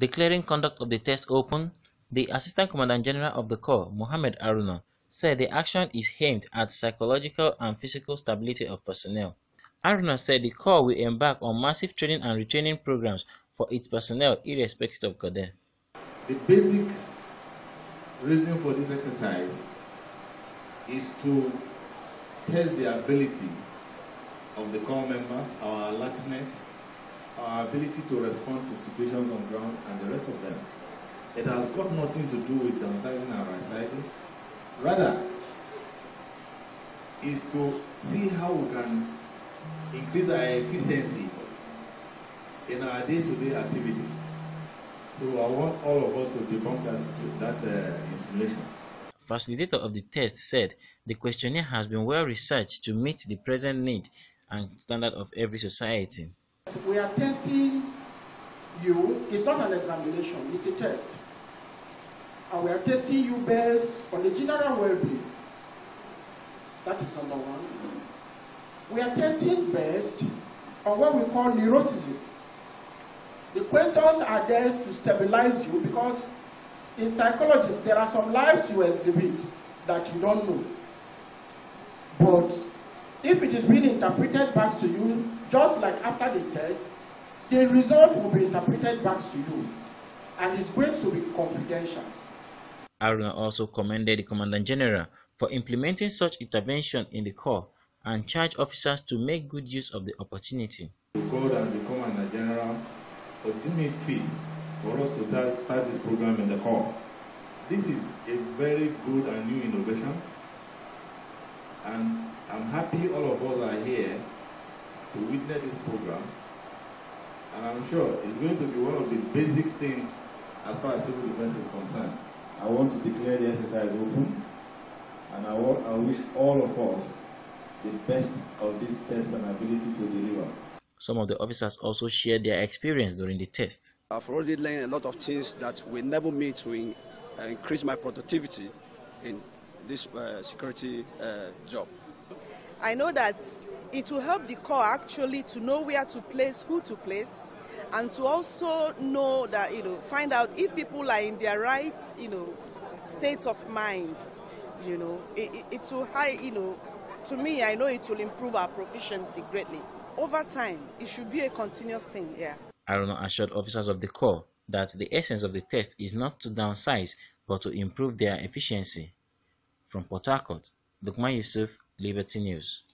Declaring conduct of the test open, the Assistant Commandant General of the Corps, Mohammed Aruna, said the action is aimed at psychological and physical stability of personnel. Aruna said the Corps will embark on massive training and retraining programs for its personnel irrespective of cadre. The basic reason for this exercise is to test the ability of the corps members, our alertness, our ability to respond to situations on ground and the rest of them. It has got nothing to do with downsizing and right Rather, is to see how we can increase our efficiency in our day-to-day -day activities. So I want all of us to debunk that, that uh, Facilitator of the test said the questionnaire has been well researched to meet the present need and standard of every society. We are testing you. It's not an examination, it's a test. And we are testing you based on the general well-being. That is number one. We are testing based on what we call neurosis. The questions are there to stabilize you because in psychology, there are some lives you exhibit that you don't know. But If it is being interpreted back to you, just like after the test, the result will be interpreted back to you, and it's going to be confidential. Aruna also commended the Commandant General for implementing such intervention in the Corps and charged officers to make good use of the opportunity. God and the commander General ultimate fit for us to start this program in the Corps. This is a very good and new innovation and I'm happy all of us are here to witness this program, and I'm sure it's going to be one of the basic things as far as civil defense is concerned. I want to declare the exercise open, and I, want, I wish all of us the best of this test and ability to deliver. Some of the officers also shared their experience during the test. I've already learned a lot of things that will never me to in, uh, increase my productivity in this uh, security uh, job. I know that it will help the corps actually to know where to place, who to place, and to also know that, you know, find out if people are in their right, you know, states of mind, you know. It, it, it will high, you know, to me, I know it will improve our proficiency greatly. Over time, it should be a continuous thing, yeah. Aruna assured officers of the Corps that the essence of the test is not to downsize, but to improve their efficiency. From Port Harcourt, Dukman Yusuf, Liberty News.